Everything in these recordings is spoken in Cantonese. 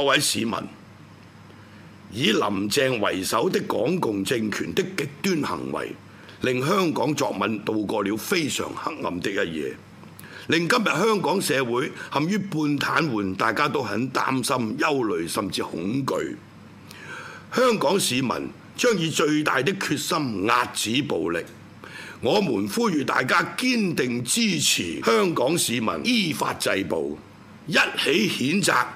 各位市民，以林鄭為首的港共政權的極端行為，令香港作文度過了非常黑暗的一夜，令今日香港社會陷於半癱瘓，大家都很擔心、憂慮甚至恐懼。香港市民將以最大的決心壓止暴力，我們呼籲大家堅定支持香港市民依法制暴，一起譴責。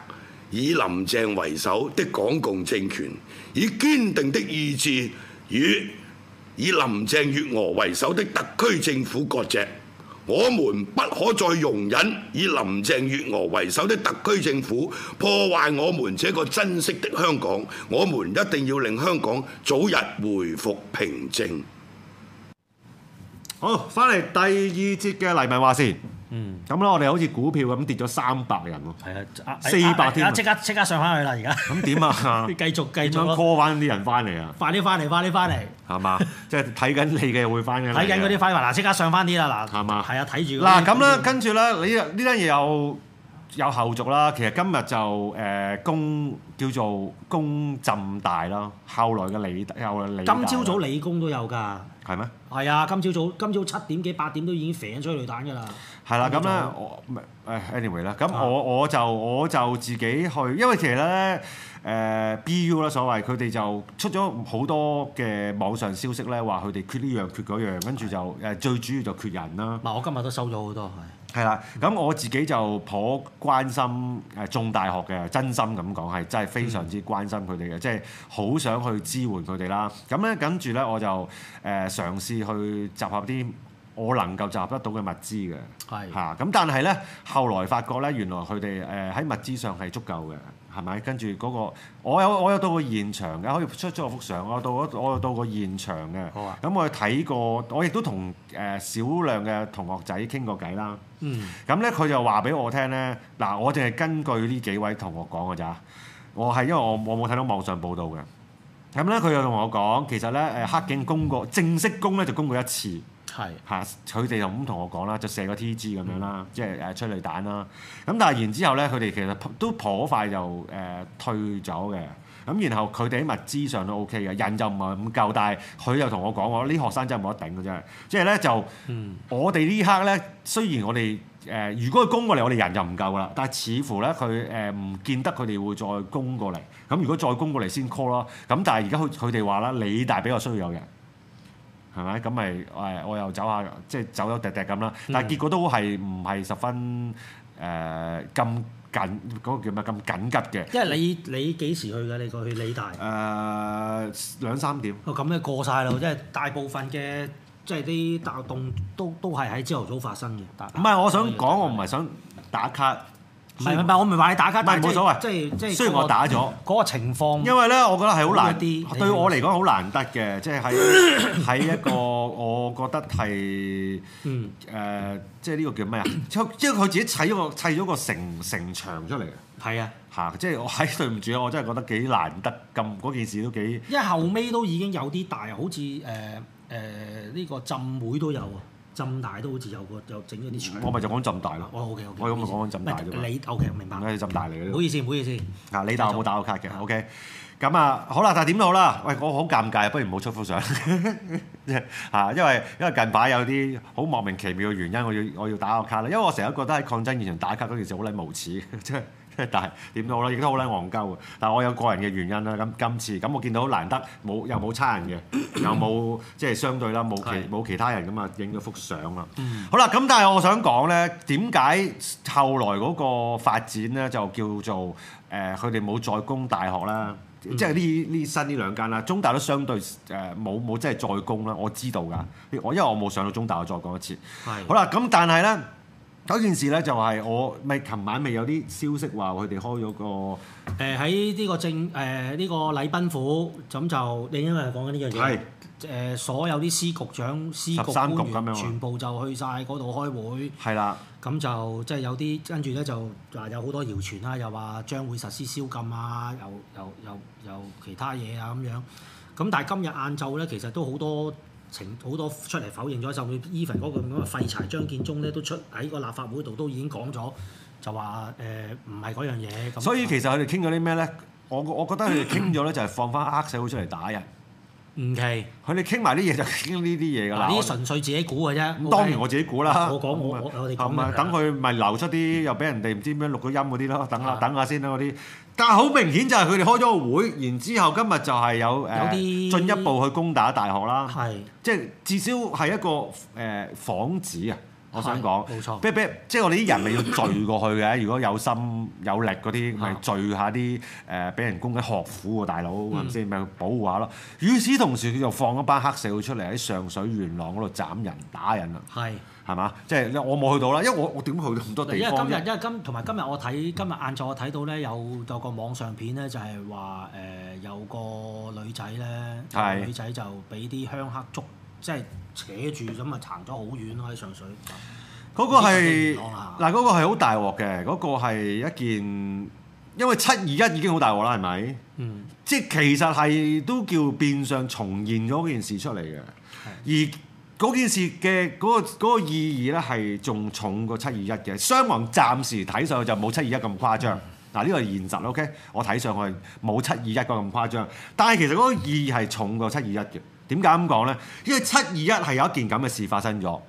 以林鄭為首的港共政權，以堅定的意志與以林鄭月娥為首的特區政府割席，我們不可再容忍以林鄭月娥為首的特區政府破壞我們這個珍惜的香港。我們一定要令香港早日恢復平靜。好，翻嚟第二節嘅黎民話事。嗯，咁啦，我哋好似股票咁跌咗三百人喎，啊，四百添，即、啊啊啊、刻即刻上翻去啦，而家咁點啊？ 繼、繼續繼續樣 call 翻啲人翻嚟啊！啊快啲翻嚟，就是、快啲翻嚟，係嘛？即係睇緊你嘅會翻嘅，睇緊嗰啲翻埋嗱，即刻上翻啲啦嗱，係嘛？係啊，睇住嗱咁啦，跟住啦，你呢單嘢有有後續啦。其實今日就誒攻、呃、叫做攻浸大啦，後來嘅理，理今朝早理工都有㗎，係咩嗎？係啊，今朝早今朝七點幾八點都已經揈咗去雷彈㗎啦。係啦，咁咧 我誒 anyway 啦，咁我我就我就自己去，因為其實咧誒、呃、BU 啦所謂佢哋就出咗好多嘅網上消息咧，話佢哋缺呢樣缺嗰樣，跟住就誒最主要就缺人啦。嗱，我今日都收咗好多係。係啦，咁、 嗯、我自己就頗關心誒中大學嘅，真心咁講係真係非常之關心佢哋嘅，即係好想去支援佢哋啦。咁咧跟住咧我就誒嘗試去集合啲。我能夠集得到嘅物資嘅，嚇咁是的、啊，但係咧後來發覺咧，原來佢哋誒喺物資上係足夠嘅，係咪？跟住嗰、那個我有我有到過現場嘅，可以出咗幅相啊！到咗我有到過現場嘅，咁好、啊嗯、我睇過，我亦都同誒少量嘅同學仔傾過偈啦。咁咧佢就話俾我聽咧，嗱我淨係根據呢幾位同學講嘅咋，我係因為我我冇睇到網上報道嘅。咁咧佢又同我講，其實咧誒黑警攻過正式攻咧就攻過一次。係嚇，佢哋是就咁同我講啦，就射個 T G 咁樣啦，嗯、即係誒催淚彈啦。咁但係然之後咧，佢哋其實都頗快就誒退走嘅。咁然後佢哋喺物資上都 O K 嘅，人就唔係咁夠。但係佢又同我講話，呢學生真係冇得頂嘅，真係。即係咧就我哋呢刻咧，雖然我哋誒、呃、如果佢攻過嚟，我哋人就唔夠啦。但係似乎咧佢誒唔見得佢哋會再攻過嚟。咁如果再攻過嚟先 call 咯。咁但係而家佢哋話啦，理大比較需要有人。係咪？咁咪誒？我又走下，即係走走趯趯咁啦。但係結果都係唔係十分誒咁、呃、緊嗰個叫咩？咁、呃、緊急嘅。因為你你幾時去㗎？你過去,去理大？誒、呃、兩三點。咁啊、哦、過晒咯。即係大部分嘅即係啲大動都都係喺朝頭早發生嘅。唔係，我想講，我唔係想打卡。唔係唔係，我唔係話你打卡，是但係即冇所謂。即係即係，雖然，那個、雖然我打咗嗰、嗯那個情況。因為咧，我覺得係好難，是難得，對我嚟講好難得嘅，即係喺喺一個我覺得係誒、呃，即係呢個叫咩啊？ 即係佢自己砌咗個砌咗個城城牆出嚟嘅。係啊，嚇！即係我喺對唔住，我真係覺得幾難得，咁嗰件事都幾。因為後尾都已經有啲大，好似誒誒呢個浸會都有。浸大都好似有個有整咗啲牆，我咪就講浸大咯。Okay, okay, 我咁咪講浸大啫。你 OK 明白？唔係浸大嚟嘅。唔好意思，唔好意思。嚇，李大我冇打過卡嘅、啊，OK。咁啊，好啦，但係點都好啦。好了喂，我好尷尬，不如唔好出幅相嚇，因為因為近排有啲好莫名其妙嘅原因，我要我要打個卡咧，因為我成日都覺得喺抗爭現場打卡嗰件事好撚無恥，即係。但係點都好啦，亦都好撚戇鳩嘅。但係我有個人嘅原因啦。咁今次咁我見到難得冇又冇差人嘅， 又冇即係相對啦冇其冇其他人咁啊，影咗幅相啦。是的 好啦，咁但係我想講咧，點解後來嗰個發展咧就叫做誒佢哋冇再攻大學啦，即係呢呢新呢兩間啦，中大都相對誒冇冇即係再攻啦。我知道㗎，因為我冇上到中大，我再講一次。是的 好啦，咁但係咧。第一件事咧就係、是、我咪琴晚咪有啲消息話佢哋開咗個誒喺呢個政誒呢個禮賓府，咁就你因為講緊呢樣嘢，誒是、呃、所有啲司局長、司局官員局全部就去晒嗰度開會，係啦的，咁就即係、就是、有啲跟住咧就話有好多謠傳啦，又話將會實施宵禁啊，又又又又其他嘢啊咁樣，咁但係今日晏晝咧其實都好多。情好多出嚟否認咗，就會 Evan 嗰個廢柴張建宗咧都出喺個立法會度都已經講咗，就話誒唔係嗰樣嘢。所以其實佢哋傾咗啲咩咧？我我覺得佢哋傾咗咧就係放翻黑社會出嚟打人。唔係佢哋傾埋啲嘢就傾呢啲嘢㗎啦。啲純粹自己估嘅啫。咁當然我自己估啦。我講我我哋。咁啊等佢咪流出啲又俾人哋唔知點樣錄個音嗰啲咯，等下等下先嗰啲。但係好明顯就係佢哋開咗個會，然之後今日就係有誒點進一步去攻打大學啦，是的 即係至少係一個誒幌、呃、子啊！我想講，冇錯人，俾俾即係我哋啲人咪要聚過去嘅， 如果有心有力嗰啲，咪是的 聚下啲誒俾人攻擊學府喎，大佬係唔係先？咪去是的 保護下咯。與此同時，佢就放一班黑社會出嚟喺上水元朗嗰度斬人打人啦。係嘛？即係我冇去到啦，因為我我點去到咁多地方？因為今日，因為今同埋今日我睇今日晏晝我睇到咧有有個網上片咧，就係話誒有個女仔咧，女仔就俾啲鄉黑捉，即係扯住咁啊，行咗好遠咯喺上水。嗰個係嗱，嗰個係好大鑊嘅，嗰的個係、嗰個、一件，因為七二一已經好大鑊啦，係咪？嗯、即係其實係都叫變相重現咗件事出嚟嘅，的而。嗰件事嘅嗰個嗰個意義咧係仲重過七二一嘅，傷亡暫時睇上去就冇七二一咁誇張。嗱，呢個係現實。OK，我睇上去冇七二一咁誇張，但係其實嗰個意義係重過七二一嘅。點解咁講咧？因為七二一係有一件咁嘅事發生咗。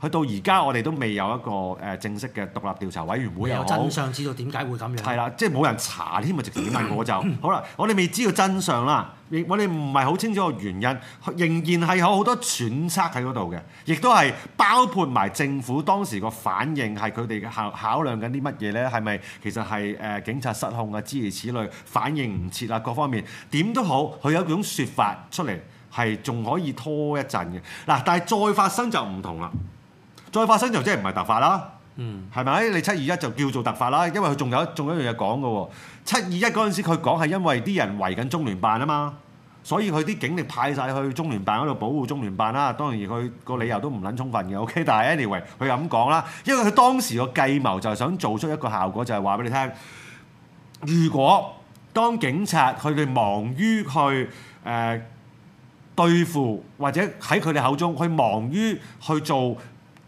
去到而家我哋都未有一個誒正式嘅獨立調查委員會，有真相知道點解會咁樣？係啦，即係冇人查添，咪直接問我就 好啦。我哋未知道真相啦，亦我哋唔係好清楚個原因，仍然係有好多揣測喺嗰度嘅，亦都係包括埋政府當時個反應係佢哋考考量緊啲乜嘢咧？係咪其實係誒警察失控啊？諸如此類，反應唔切啊，各方面點都好，佢有種説法出嚟係仲可以拖一陣嘅嗱，但係再發生就唔同啦。再發生就即係唔係突發啦，係咪？你七二一就叫做突發啦，因為佢仲有一仲有一樣嘢講㗎喎。七二一嗰陣時佢講係因為啲人圍緊中聯辦啊嘛，所以佢啲警力派晒去中聯辦嗰度保護中聯辦啦。當然佢個理由都唔撚充分嘅，OK，但係 anyway，佢又咁講啦，因為佢當時個計謀就係想做出一個效果，就係話俾你聽，如果當警察佢哋忙於去誒對付或者喺佢哋口中佢忙於去做。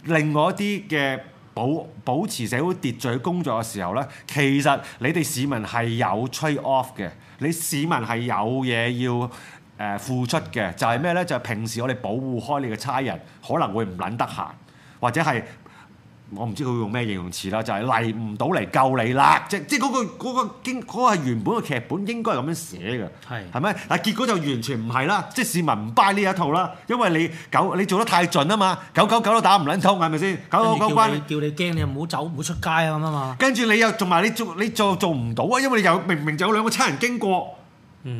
另外一啲嘅保保持社會秩序工作嘅時候咧，其實你哋市民係有 trade off 嘅，你市民係有嘢要誒付出嘅，就係咩咧？就係平時我哋保護開你嘅差人，可能會唔撚得閒，或者係。我唔知佢用咩形容詞啦，就係嚟唔到嚟救你啦，即即嗰個嗰個經嗰個係嗰個原本嘅劇本應該係咁樣寫㗎，係咪？係？但結果就完全唔係啦，即市民唔 buy 呢一套啦，因為你九你做得太盡啊嘛，九九九都打唔撚通係咪先？九九九關叫你驚回，你又唔好走，唔好出街啊咁啊嘛。跟住你又同埋你做你做你做唔到啊，因為你又明明明就有兩個差人經過。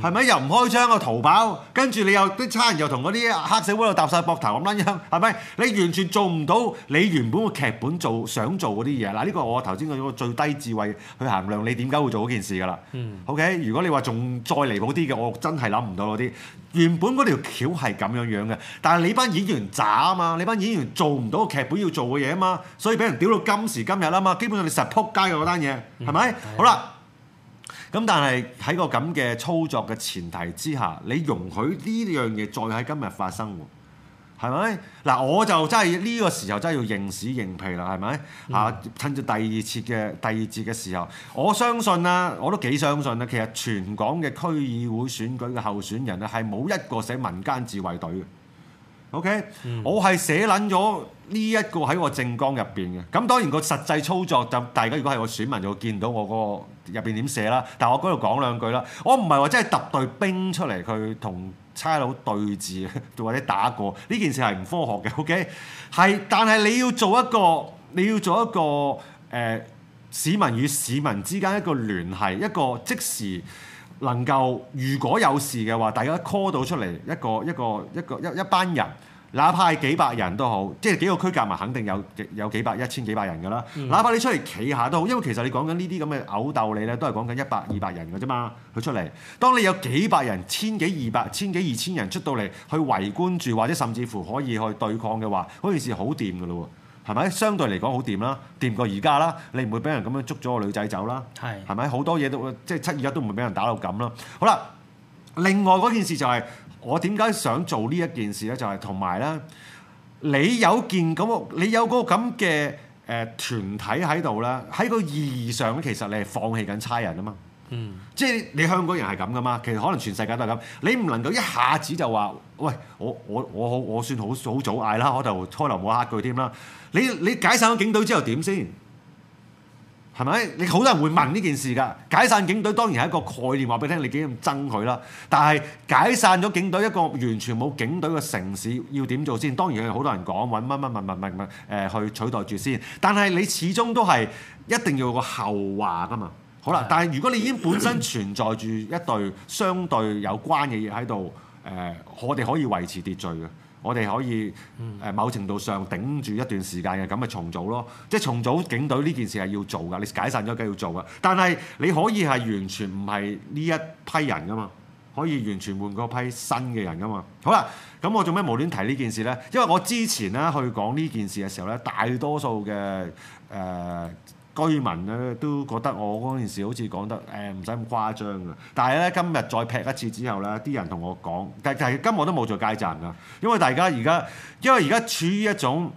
係咪又唔開槍又逃跑，跟住你又啲差人又同嗰啲黑社會喺度搭晒膊頭咁撚樣，係咪？你完全做唔到你原本個劇本做想做嗰啲嘢。嗱，呢個我頭先講咗個最低智慧去衡量你點解會做嗰件事㗎啦。嗯，OK，如果你話仲再離譜啲嘅，我真係諗唔到嗰啲。原本嗰條橋係咁樣樣嘅，但係你班演員渣啊嘛，你班演員做唔到劇本要做嘅嘢啊嘛，所以俾人屌到今時今日啊嘛。基本上你實撲街嘅嗰單嘢係咪？好啦。咁但係喺個咁嘅操作嘅前提之下，你容許呢樣嘢再喺今日發生喎，係咪嗱？我就真係呢個時候真係要認屎認屁啦，係咪、嗯、啊？趁住第二次嘅第二節嘅時候，我相信啦，我都幾相信啦。其實全港嘅區議會選舉嘅候選人咧係冇一個寫民間自衛隊嘅，OK？、嗯、我係寫撚咗。呢一個喺我政綱入邊嘅，咁當然個實際操作就大家如果係我選民就會見到我嗰個入邊點寫啦。但係我嗰度講兩句啦，我唔係話真係揼隊兵出嚟去同差佬對峙或者打過呢件事係唔科學嘅。OK，係，但係你要做一個你要做一個誒、呃、市民與市民之間一個聯繫，一個即時能夠如果有事嘅話，大家 call 到出嚟一個一個一個一個一,一班人。哪怕係幾百人都好，即係幾個區夾埋，肯定有有幾百、一千幾百人㗎啦。嗯、哪怕你出嚟企下都好，因為其實你講緊呢啲咁嘅毆鬥，你咧都係講緊一百、二百人㗎啫嘛。佢出嚟，當你有幾百人、千幾、二百、千幾、二千人出到嚟去圍觀住，或者甚至乎可以去對抗嘅話，嗰件事好掂㗎咯喎，係咪？相對嚟講好掂啦，掂過而家啦。你唔會俾人咁樣捉咗個女仔走啦，係咪，係？好多嘢都即係七二一都唔會俾人打到咁啦。好啦。另外嗰件事就係、是、我點解想做呢一件事咧，就係同埋咧，你有件咁，你有個咁嘅誒團體喺度啦，喺個意義上其實你係放棄緊差人啊嘛。嗯、即係你香港人係咁噶嘛，其實可能全世界都係咁，你唔能夠一下子就話，喂，我我我我算好好早嗌啦，我就開頭冇呃佢添啦，你你解散咗警隊之後點先？係咪？你好多人會問呢件事㗎？解散警隊當然係一個概念，話俾你聽，你幾咁憎佢啦。但係解散咗警隊，一個完全冇警隊嘅城市要點做先？當然有好多人講揾乜乜乜乜乜乜誒去取代住先。但係你始終都係一定要有一個後話㗎嘛。好啦，但係如果你已經本身存在住一對相對有關嘅嘢喺度，誒、呃，我哋可以維持秩序㗎。我哋可以誒某程度上頂住一段時間嘅，咁咪重組咯，即係重組警隊呢件事係要做㗎，你解散咗梗係要做㗎，但係你可以係完全唔係呢一批人㗎嘛，可以完全換過批新嘅人㗎嘛。好啦，咁我做咩無端提呢件事咧？因為我之前咧去講呢件事嘅時候咧，大多數嘅誒。呃居民咧都覺得我嗰件事好似講得誒唔使咁誇張嘅，但係咧今日再劈一次之後咧，啲人同我講，但係今日都冇做街站㗎，因為大家而家因為而家處於一種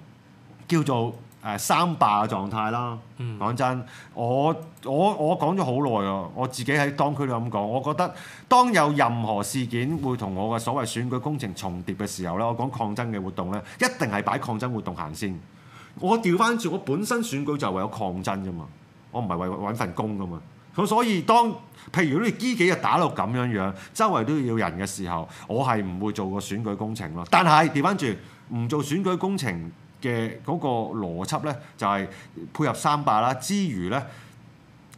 叫做誒三霸嘅狀態啦。講、嗯、真，我我我講咗好耐啊。我自己喺當區度咁講，我覺得當有任何事件會同我嘅所謂選舉工程重疊嘅時候咧，我講抗爭嘅活動咧，一定係擺抗爭活動行先。我調翻轉，我本身選舉就係為咗抗爭啫嘛，我唔係為揾份工噶嘛。咁所以當譬如如果你呢幾日打到咁樣樣，周圍都要人嘅時候，我係唔會做個選舉工程咯。但係調翻轉，唔做選舉工程嘅嗰個邏輯咧，就係、是、配合三罷啦。之餘咧，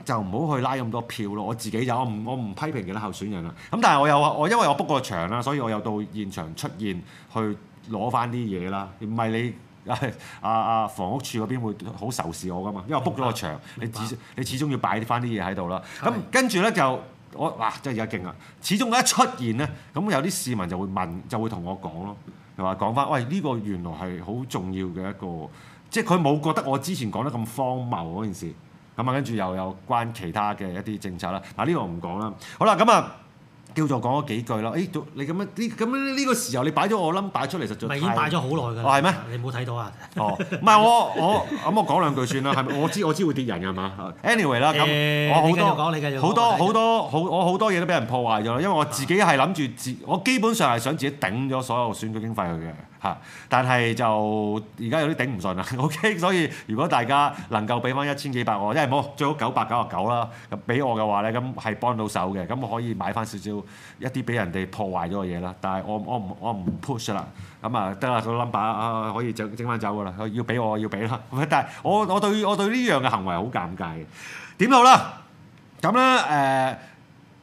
就唔好去拉咁多票咯。我自己有，我唔我唔批評其他候選人啦。咁但係我又我因為我 book 個場啦，所以我又到現場出現去攞翻啲嘢啦，唔係你。係啊啊！房屋署嗰邊會好仇視我噶嘛，因為我 book 咗個場，白你至少白你始終要擺翻啲嘢喺度啦。咁、嗯、跟住咧就我哇，真係而家勁啦！始終一出現咧，咁、嗯、有啲市民就會問，就會同我講咯，就話講翻喂呢、呢個原來係好重要嘅一個，即係佢冇覺得我之前講得咁荒謬嗰件事。咁啊，跟住又有關其他嘅一啲政策啦。嗱、啊、呢、呢個我唔講啦。好啦，咁啊。嗯嗯叫做講咗幾句咯，誒，做你咁樣呢？咁呢呢個時候你擺咗我冧 u 擺出嚟，實在明顯擺咗好耐㗎啦。哦，係咩？你冇睇到啊？哦，唔係我我咁我講兩句算啦，係咪？我知我知會跌人㗎嘛。Anyway 啦，咁我好多好多好多好，多嘢都俾人破壞咗啦，因為我自己係諗住自，我基本上係想自己頂咗所有選舉經費去嘅。嚇！但係就而家有啲頂唔順啦。OK， 所以如果大家能夠俾翻一千幾百我，一係冇最好九百九十九啦，俾我嘅話咧，咁係幫到手嘅。咁我可以買翻少少一啲俾人哋破壞咗嘅嘢啦。但係我我唔我唔 push 啦。咁啊得啦，個 number 可以整整翻走噶啦。要俾我，我要俾啦。但係我我對我對呢樣嘅行為好尷尬嘅。點都好啦，咁咧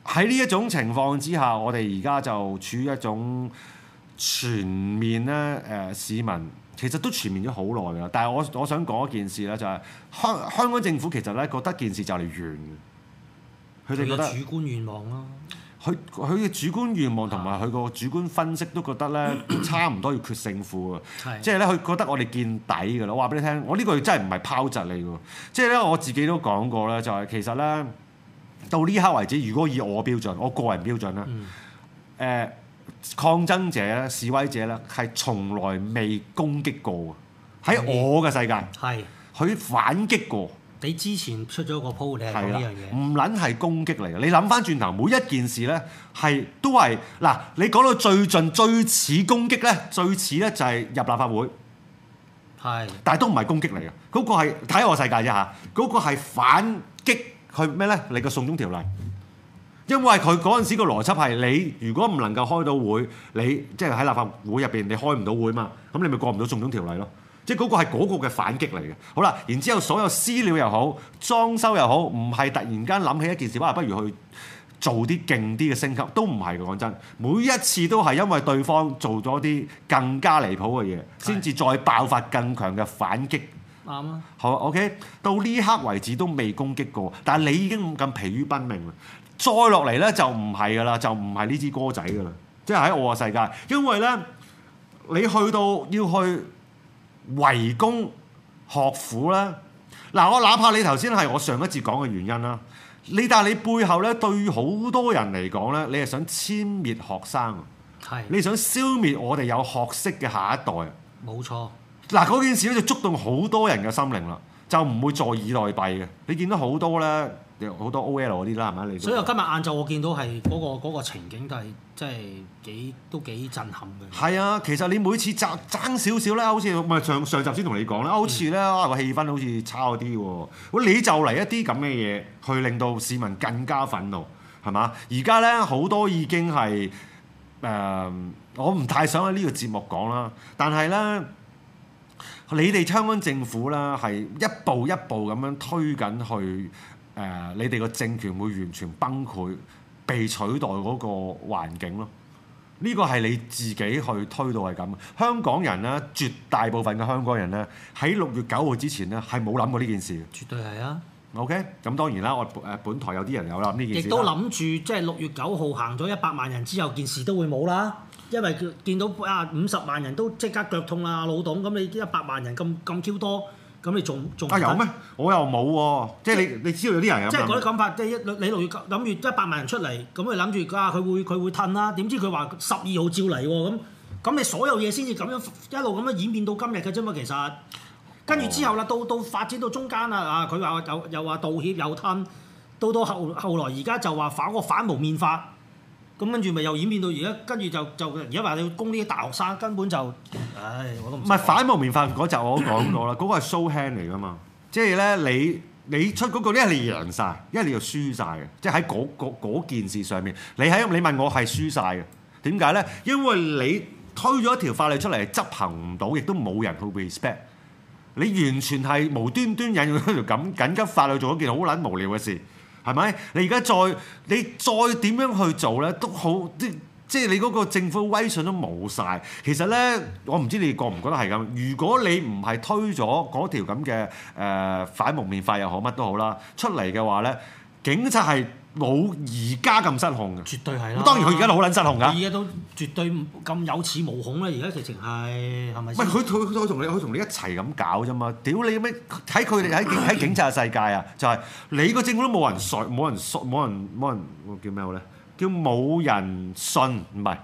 誒喺呢一、呃、種情況之下，我哋而家就處於一種。全面咧，誒、呃、市民其實都全面咗好耐啦。但係我我想講一件事咧、就是，就係香香港政府其實咧覺得件事就嚟完，佢哋覺得主觀願望咯、啊。佢佢嘅主觀願望同埋佢個主觀分析都覺得咧是的 差唔多要決勝負啊！即係咧，佢覺得我哋見底噶啦。我話俾你聽，我呢個真係唔係拋窒你喎。即係咧，我自己都講過咧，就係、是、其實咧到呢刻為止，如果以我標準，我個人標準咧，誒、嗯呃。抗爭者示威者咧，係從來未攻擊過喺的我嘅世界，係佢的反擊過。你之前出咗個 po，你係講呢樣嘢。唔撚係攻擊嚟嘅。你諗翻轉頭，每一件事咧係都係嗱。你講到最盡最似攻擊咧，最似咧就係入立法會。係的。但係都唔係攻擊嚟嘅，嗰、嗰個係睇我世界啫嚇。嗰、嗰個係反擊佢咩咧？你個送中條例。因為佢嗰陣時個邏輯係你如果唔能夠開到會，你即係喺立法會入邊你開唔到會嘛，咁你咪過唔到種種條例咯。即係嗰個係嗰個嘅反擊嚟嘅。好啦，然之後所有私了又好，裝修又好，唔係突然間諗起一件事，我話不如去做啲勁啲嘅升級，都唔係嘅。講真，每一次都係因為對方做咗啲更加離譜嘅嘢，先至的再爆發更強嘅反擊。啱啦的。好，OK。到呢刻為止都未攻擊過，但係你已經咁疲於奔命啦。再落嚟咧就唔係噶啦，就唔係呢支歌仔噶啦，即係喺我嘅世界，因為咧你去到要去圍攻學府咧，嗱我哪怕你頭先係我上一節講嘅原因啦，你但係你背後咧對好多人嚟講咧，你係想殲滅學生，係是的 你想消滅我哋有學識嘅下一代，冇沒錯。嗱嗰件事咧就觸動好多人嘅心靈啦，就唔會坐以待斃嘅。你見到好多咧。好多 OL 嗰啲啦，係嘛？所以我今日晏晝我見到係嗰、嗰個嗰個情景都，都係真係幾都幾震撼嘅。係啊，其實你每次爭爭少少咧，好似唔係上上集先同你講咧，好似咧個氣氛好似差咗啲喎。你就嚟一啲咁嘅嘢，去令到市民更加憤怒，係嘛？而家咧好多已經係誒、呃，我唔太想喺呢個節目講啦。但係咧，你哋香港政府咧係一步一步咁樣推緊去。誒，你哋個政權會完全崩潰、被取代嗰個環境咯，呢個係你自己去推到係咁。香港人咧，絕大部分嘅香港人咧，喺六月九號之前咧係冇諗過呢件事嘅。絕對係啊。OK，咁當然啦，我誒本台有啲人有諗呢件事。亦都諗住，即係六月九號行咗一百萬人之後，件事都會冇啦。因為見到啊五十萬人都即刻腳痛啦、老董，咁你一百萬人咁咁 Q 多。咁你仲仲？啊有咩？我又冇喎、啊即。即係你你知道有啲人有，有即。即係嗰啲講法，即係一你六月諗住一百萬人出嚟，咁佢諗住啊，佢會佢會褪啦、啊。點知佢話十二號照嚟喎？咁、嗯、咁你所有嘢先至咁樣一路咁樣演變到今日嘅啫嘛？其實跟住之後啦，到到發展到中間啦啊，佢話又又話道歉又褪，到到後後來而家就話反個反蒙面法，咁跟住咪又演變到而家，跟住就就而家話你要攻呢啲大學生，根本就。.唉，我都唔係反蒙面法嗰集我都講過啦，嗰咳咳個係 show hand 嚟噶嘛，即係咧你你出嗰、那個一係你贏晒，一係你就輸晒嘅，即係喺嗰件事上面，你喺你問我係輸晒嘅，點解咧？因為你推咗一條法律出嚟執行唔到，亦都冇人去 respect，你完全係無端端引用一條緊緊急法律做一件好撚無聊嘅事，係咪？你而家再你再點樣去做咧都好啲。即係你嗰個政府威信都冇晒。其實咧，我唔知你覺唔覺得係咁。如果你唔係推咗嗰條咁嘅誒反蒙面法又好，乜都好啦，出嚟嘅話咧，警察係冇而家咁失控㗎。絕對係啦。當然佢而家都好撚失控㗎。而家都絕對咁有恃無恐咧、啊。而家直情係係咪先？唔係佢佢佢同你佢同你一齊咁搞啫嘛。屌你咩？睇佢哋喺喺警察嘅世界啊，就係、是、你個政府都冇人信冇人信冇人冇人，人，人叫咩好咧？都冇人信，唔係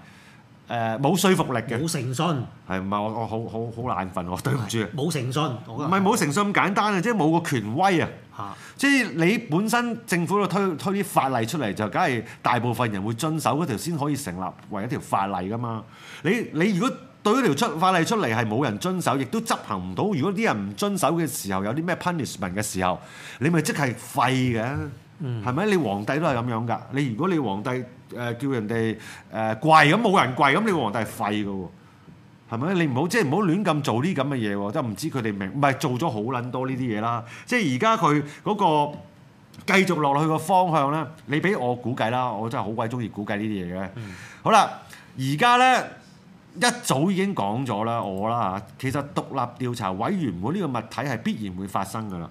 誒冇說服力嘅誠，冇誠信，係唔係？我我好好好懶瞓喎，對唔住，冇誠信，唔係冇誠信咁簡單啊！即係冇個權威啊！是的 即係你本身政府喺度推推啲法例出嚟，就梗係大部分人會遵守嗰條先可以成立為一條法例㗎嘛你。你你如果對嗰條出法例出嚟係冇人遵守，亦都執行唔到。如果啲人唔遵守嘅時候有啲咩 punishment 嘅時候，你咪即係廢嘅、啊。嗯，係咪你皇帝都係咁樣噶？你如果你皇帝誒、呃、叫人哋誒跪咁冇人跪咁，你皇帝係廢噶喎？係咪？你唔好即係唔好亂咁做啲咁嘅嘢喎？即係唔知佢哋明唔係做咗好撚多呢啲嘢啦。即係而家佢嗰個繼續落去個方向咧，你俾我估計啦，我真係好鬼中意估計、嗯、呢啲嘢嘅。好啦，而家咧一早已經講咗啦，我啦嚇，其實獨立調查委員會呢個物體係必然會發生噶啦，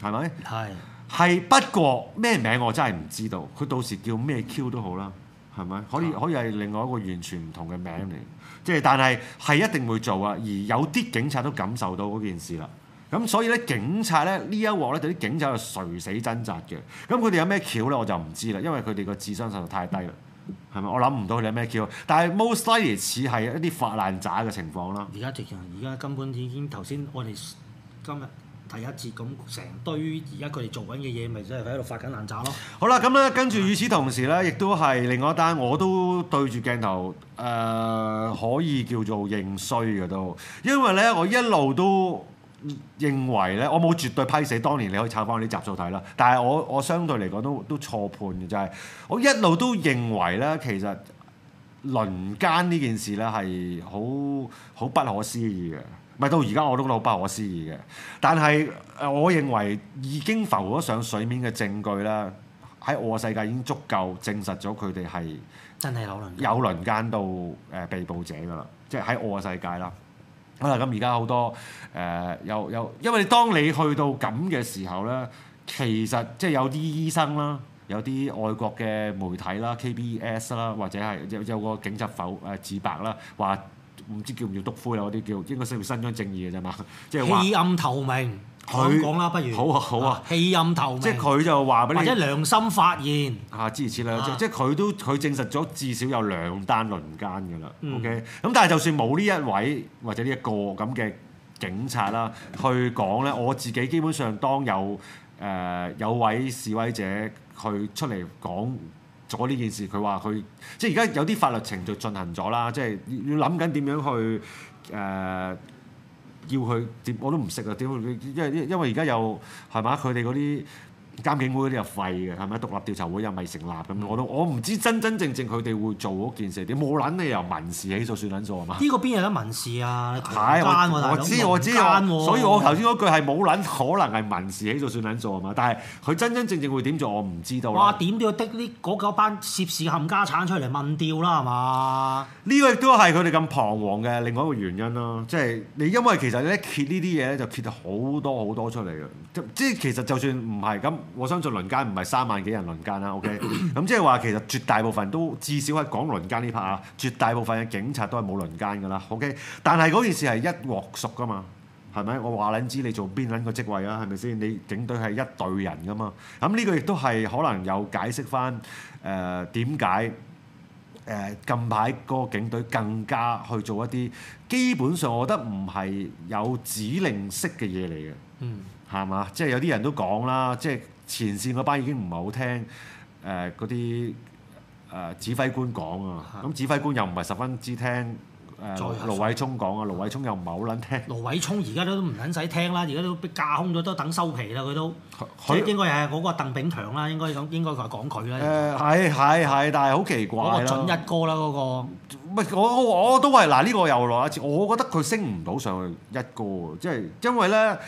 係咪？係。係，不過咩名我真係唔知道，佢到時叫咩 Q 都好啦，係咪？可以可以係另外一個完全唔同嘅名嚟，即係、嗯、但係係一定會做啊！而有啲警察都感受到嗰件事啦，咁所以咧警察咧呢一鑊咧對啲警察係垂死掙扎嘅，咁佢哋有咩 Q 咧我就唔知啦，因為佢哋個智商實在太低啦，係咪？我諗唔到佢哋有咩 Q 但，但係 most likely 似係一啲發爛渣嘅情況啦。而家直情，而家根本已經頭先我哋今日。第一節咁成堆，而家佢哋做緊嘅嘢，咪即係喺度發緊爛渣咯。好啦，咁咧跟住，與此同時咧，亦都係另外一單，我都對住鏡頭誒、呃，可以叫做認衰嘅都，因為咧我一路都認為咧，我冇絕對批死。當年你可以炒翻啲集數睇啦，但係我我相對嚟講都都錯判嘅，就係、是、我一路都認為咧，其實輪奸呢件事咧係好好不可思議嘅。咪到而家我都覺得好不可思議嘅，但係我認為已經浮咗上水面嘅證據咧，喺我嘅世界已經足夠證實咗佢哋係真係有輪有輪奸到誒被捕者噶啦，即係喺我嘅世界啦。好啦，咁而家好多誒有有，因為當你去到咁嘅時候咧，其實即係、就是、有啲醫生啦，有啲外國嘅媒體啦，KBS 啦，BS，或者係有有個警察否誒自、呃、白啦，話。唔知叫唔叫督灰啦，嗰啲叫應該屬於伸張正義嘅啫嘛，即係話棄暗投明，佢講啦，不如好啊好啊，棄暗投明即係佢就話俾你聽，或者良心發現，支持啦，諸如此類，即係佢都佢證實咗至少有兩單輪奸嘅啦，OK，咁但係就算冇呢一位或者呢一個咁嘅警察啦，去講咧，我自己基本上當有誒、呃、有位示威者佢出嚟講。咗呢件事，佢話佢即係而家有啲法律程序進行咗啦，即係要諗緊點樣去誒，要佢點我都唔識啊，點點因為因為而家又係嘛，佢哋嗰啲。監警會嗰啲又廢嘅，係咪獨立調查會又未成立咁？我都我唔知真真正正佢哋會做嗰件事點。冇撚你由民事起訴算撚數係嘛？呢個邊有得民事啊？係、啊、我，我知我知，我知啊、所以我頭先嗰句係冇撚可能係民事起訴算撚數係嘛？但係佢真真正正，正會點做，我唔知道。哇！點都要的啲嗰九班涉事冚家產出嚟問掉啦係嘛？呢個亦都係佢哋咁彷徨嘅另外一個原因咯。即、就、係、是、你因為其實咧揭呢啲嘢咧就揭好多好多，多出嚟嘅，即即其實就算唔係咁。我相信輪奸唔係三萬幾人輪奸啦，OK？咁、 嗯、即係話其實絕大部分都至少係講輪奸呢 part 啊，絕大部分嘅警察都係冇輪奸噶啦，OK？但係嗰件事係一鑊熟噶嘛，係咪？我話撚知你做邊撚個職位啊？係咪先？你警隊係一隊人噶嘛？咁、嗯、呢、呢個亦都係可能有解釋翻誒點解誒近排個警隊更加去做一啲基本上我覺得唔係有指令式嘅嘢嚟嘅，嗯，係嘛？即係有啲人都講啦，即係。前線嗰班已經唔係好聽誒嗰啲誒指揮官講啊，咁是的 指揮官又唔係十分之聽誒。是的 呃、盧偉聰講啊，盧偉聰又唔係好撚聽。盧偉聰而家都唔撚使聽啦，而家都架空咗，都等收皮啦，佢都。佢他應該係嗰個鄧炳強啦，應該咁應該講講佢啦。誒係係係，但係好奇怪啦。嗰個準一哥啦，嗰、嗰個唔係我我都係嗱呢個又來一次，我覺得佢升唔到上去一哥喎，即係因為咧。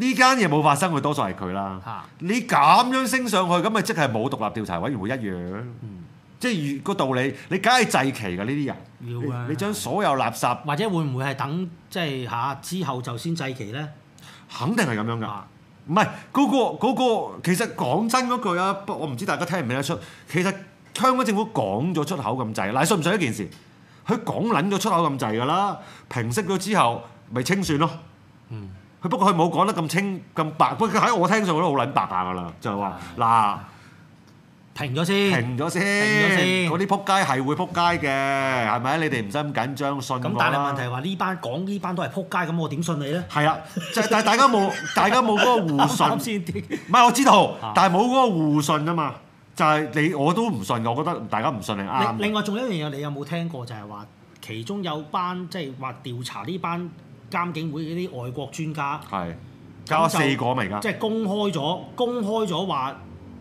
呢間嘢冇發生，佢多數係佢啦。啊、你咁樣升上去，咁咪即係冇獨立調查委員會一樣。嗯、即係如個道理，你梗係制期㗎呢啲人。要啊！你將所有垃圾或者會唔會係等即係吓之後就先制期咧？肯定係咁樣㗎。唔係嗰個、嗰個、其實講真嗰句啊，我唔知大家聽唔聽得出。其實香港政府講咗出口咁滯，嗱，信唔信一件事？佢講撚咗出口咁滯㗎啦，平息咗之後，咪清算咯。嗯。佢不過佢冇講得咁清咁白，不過喺我聽上我都好撚白㗎喇，就係話嗱停咗先，停咗先，我啲撲街係會撲街嘅，係咪？你哋唔使咁緊張，信。咁但係問題話呢班講呢班都係撲街，咁我點信你咧？係啊，即係但係大家冇大家冇嗰個互信。唔係 止點 我知道，啊、但係冇嗰個互信啊嘛，就係、是、你我都唔信我覺得大家唔信係你吧另外仲有一樣嘢，你有冇聽過就係、是、話其中有班即係話調查呢班？監警會嗰啲外國專家係加四個咪而家即係公開咗，公開咗話，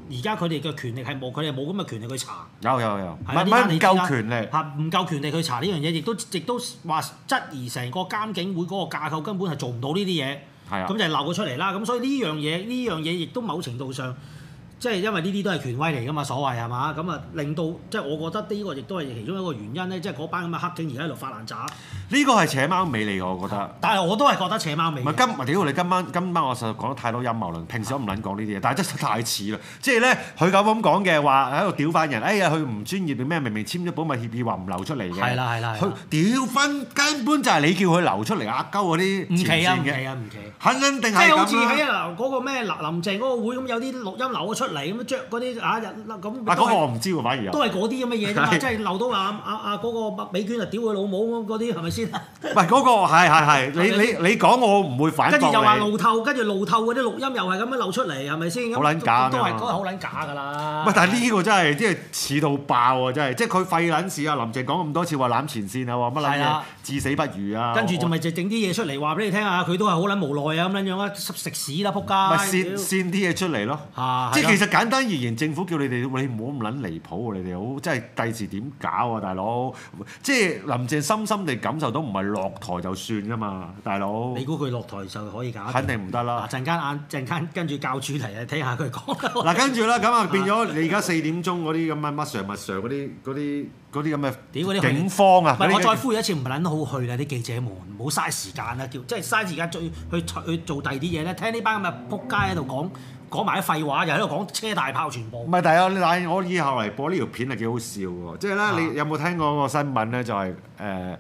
而家佢哋嘅權力係冇，佢哋冇咁嘅權力去查。有有有，唔係唔夠權力嚇，唔夠權力去查呢樣嘢，亦都亦都話質疑成個監警會嗰個架構根本係做唔到呢啲嘢。係啊是的，咁就漏咗出嚟啦。咁所以呢樣嘢，呢樣嘢亦都某程度上。即係因為呢啲都係權威嚟㗎嘛，所謂係嘛？咁啊、嗯、令到即係我覺得呢個亦都係其中一個原因咧，即係嗰班咁嘅黑警而家喺度發爛渣。呢個係扯貓尾嚟㗎，我覺得。但係我都係覺得扯貓尾。唔係，屌你今晚今晚，我實在講得太多陰謀論，平時我唔撚講呢啲嘢，啊、但係真係太似啦。即係咧，佢咁授講嘅話喺度屌翻人，哎呀，佢唔專業定咩？明明簽咗保密協議，話唔流出嚟嘅。係啦係啦。佢屌翻根本就係你叫佢流出嚟，阿鳩嗰啲唔企啊唔企、啊啊、肯定係係好似喺嗱嗰個咩林林鄭嗰個會咁，有啲錄音流咗出嚟咁嗰啲啊咁，但係嗰個我唔知喎，反而都係嗰啲咁嘅嘢啫嘛，即係漏到話阿阿阿嗰個美娟啊，屌佢老母嗰啲係咪先？喂嗰個係係係，你你你講我唔會反。跟住又話路透，跟住路透嗰啲錄音又係咁樣漏出嚟，係咪先？好撚假，都係都係好撚假㗎啦。喂，但係呢個真係即係似到爆啊！真係，即係佢廢撚事啊！林鄭講咁多次話攬前線啊，話乜撚嘢，至死不渝啊！跟住仲咪就整啲嘢出嚟話俾你聽啊！佢都係好撚無奈啊咁樣樣啊，食屎啦撲街！咪扇扇啲嘢出嚟咯，其實簡單而言，政府叫你哋你唔好咁撚離譜喎，你哋好即係計時點搞啊，大佬！即係林鄭深深地感受到，唔係落台就算噶嘛，大佬！你估佢落台就可以搞？肯定唔得啦！嗱，陣間眼，陣間跟住教主題啊，睇下佢講嗱，跟住啦，咁啊變咗你而家四點鐘嗰啲咁嘅乜 sir 乜 sir 嗰啲嗰啲啲咁嘅，啲警方啊！唔係我再呼籲一次，唔係撚好去啦，啲記者們，唔好嘥時間啦，叫即係嘥時間，去去做第二啲嘢咧，聽呢班咁嘅撲街喺度講。講埋啲廢話，又喺度講車大炮全部。唔係，但係我以後嚟播呢條片係幾好笑嘅，即係咧你有冇聽過個新聞咧？就係誒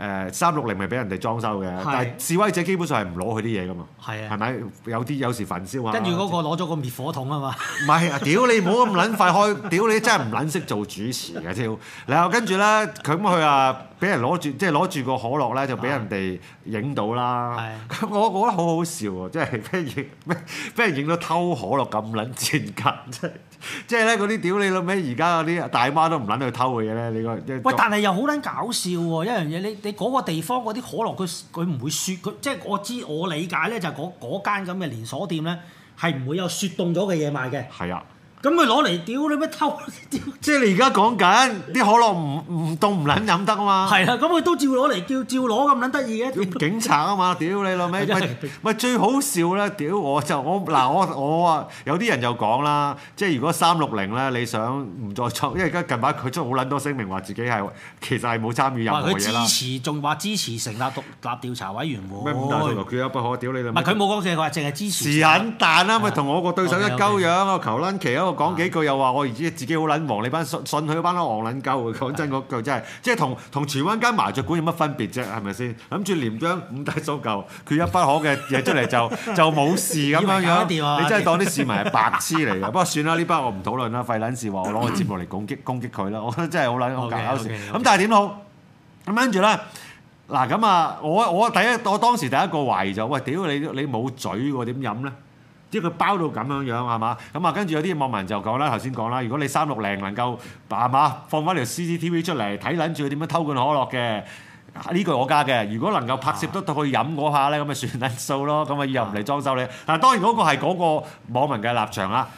誒三六零咪俾人哋裝修嘅，是的 但係示威者基本上係唔攞佢啲嘢㗎嘛。係咪是的 有啲有時焚燒啊？跟住嗰個攞咗個滅火筒啊嘛。唔係，屌你唔好咁撚快開，屌 你真係唔撚識做主持嘅屌。 然後跟住咧，佢咁佢啊。俾人攞住，即係攞住個可樂咧，就俾人哋影到啦。咁是的 我覺得好好笑喎，啊，即係俾人影，俾俾人影到偷可樂咁撚賤格，即係咧嗰啲屌你老味！而家嗰啲大媽都唔撚去偷嘅嘢咧，你個。就是，喂，但係又好撚搞笑喎，啊！一樣嘢，你你嗰個地方嗰啲可樂，佢佢唔會雪，佢即係我知我理解咧，就係嗰嗰間咁嘅連鎖店咧，係唔會有雪凍咗嘅嘢賣嘅。係啊。咁佢攞嚟屌你咩偷？即係你而家講緊啲可樂唔唔凍唔撚飲得啊嘛！係啦，咁佢都照攞嚟叫照攞咁撚得意嘅。警察啊嘛，屌你老味！咪最好笑咧！屌我就我嗱我我話有啲人就講啦，即係如果三六零咧，你想唔再出，因為而家近排佢出好撚多聲明話自己係其實係冇參與任何嘢啦。佢支持仲話支持成立獨立調查委員會。咩？獨立調查委員會不可屌你老！咪佢冇講嘢，佢話淨係支持。是但啦，咪同我個對手一鳩樣求撚其啊！講幾句又話我而家自己好撚黃，你班信佢嗰班都戇撚鳩。講真嗰句真係，即係同同荃灣間麻雀館有乜分別啫？係咪先？諗住連張五大訴求缺一不可嘅嘢出嚟就 就冇事咁樣樣。 你真係當啲市民係白痴嚟嘅。 不過算啦，呢班我唔討論啦。廢撚事話我攞個節目嚟攻擊攻擊佢啦。我覺得真係好撚好搞笑。咁、okay, okay, okay, okay. 但係點好？咁跟住咧，嗱咁啊，我我第一我當時第一個懷疑就是、喂，屌你你冇嘴喎，點飲咧？即係佢包到咁樣樣係嘛？咁啊，跟住有啲網民就講啦，頭先講啦。如果你三六零能夠係嘛放翻條 CCTV 出嚟睇撚住佢點樣偷罐可樂嘅，呢個係我加嘅。如果能夠拍攝得到佢飲嗰下咧，咁咪算撚數咯。咁咪唔嚟裝修你。但係當然嗰個係嗰個網民嘅立場啦。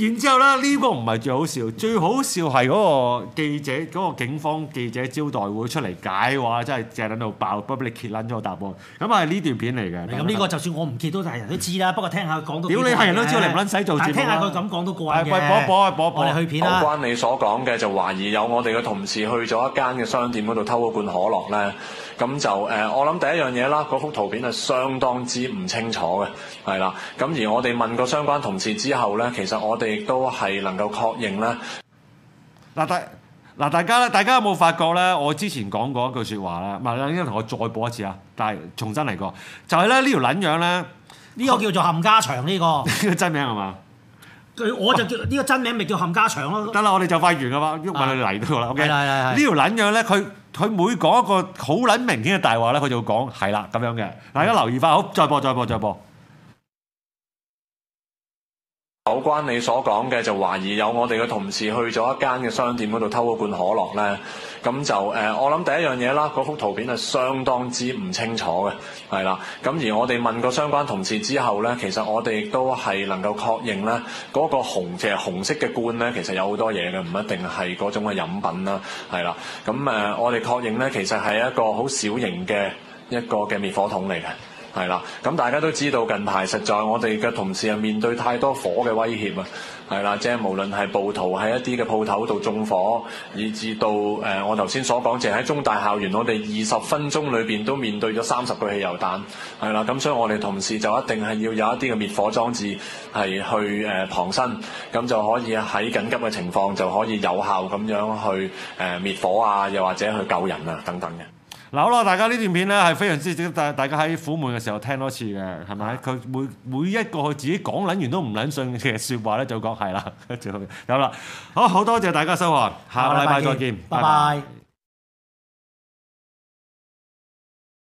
然之後咧，呢、這個唔係最好笑，最好笑係嗰個記者嗰 個警方記者招待會出嚟解話，真係正撚到爆，不不，你揭撚咗答案。咁係呢段片嚟嘅。咁呢、嗯嗯、個就算我唔揭都係人都知啦。不過聽下佢講都。屌你係人都知唔撚使做。但聽下佢咁講都過、嗯、喂，嘅。播播、啊、播播去片啦。關你所講嘅就懷疑有我哋嘅同事去咗一間嘅商店嗰度偷咗罐可樂咧。咁就誒、呃，我諗第一樣嘢啦，嗰幅圖片係相當之唔清楚嘅，係啦。咁而我哋問過相關同事之後咧，其實我哋。亦都係能夠確認啦。嗱大，嗱大家咧，大家有冇發覺咧？我之前講過一句説話啦。唔係，梁醫生同我再播一次啊！但係重新嚟過，就係咧，呢條撚樣咧，呢個叫做冚家祥呢個。呢個真名係嘛？我就叫呢個真名，咪叫冚家祥咯。得啦，我哋就快完噶嘛，鬱埋嚟到啦。啊，OK，係係係。呢條撚樣咧，佢佢每講一個好撚明顯嘅大話咧，佢就會講係啦咁樣嘅。大家留意翻，好，再播再播再播。再播再播關你所講嘅就懷疑有我哋嘅同事去咗一間嘅商店嗰度偷咗罐可樂呢，咁就誒、呃，我諗第一樣嘢啦，嗰幅圖片係相當之唔清楚嘅，係啦，咁而我哋問過相關同事之後呢，其實我哋亦都係能夠確認呢嗰、嗰個紅嘅、其實、紅色嘅罐呢，其實有好多嘢嘅，唔一定係嗰種嘅飲品啦，係啦，咁、嗯、誒、呃，我哋確認呢，其實係一個好小型嘅一個嘅滅火筒嚟嘅。係啦，咁大家都知道近排實在我哋嘅同事啊面對太多火嘅威脅啊，係啦，即係無論係暴徒喺一啲嘅鋪頭度縱火，以至到誒、呃、我頭先所講，淨係喺中大校園，我哋二十分鐘裏邊都面對咗三十個汽油彈，係啦，咁所以我哋同事就一定係要有一啲嘅滅火裝置係去誒、呃、旁身，咁就可以喺緊急嘅情況就可以有效咁樣去誒、呃、滅火啊，又或者去救人啊等等嘅。嗱好啦，大家呢段片咧係非常之值得大家喺苦悶嘅時候聽多次嘅，係咪？佢每每一個佢自己講撚完都唔撚信嘅説話咧，就講係啦，最後有啦。好，好多謝大家收看，下個禮拜再見，拜拜。拜拜。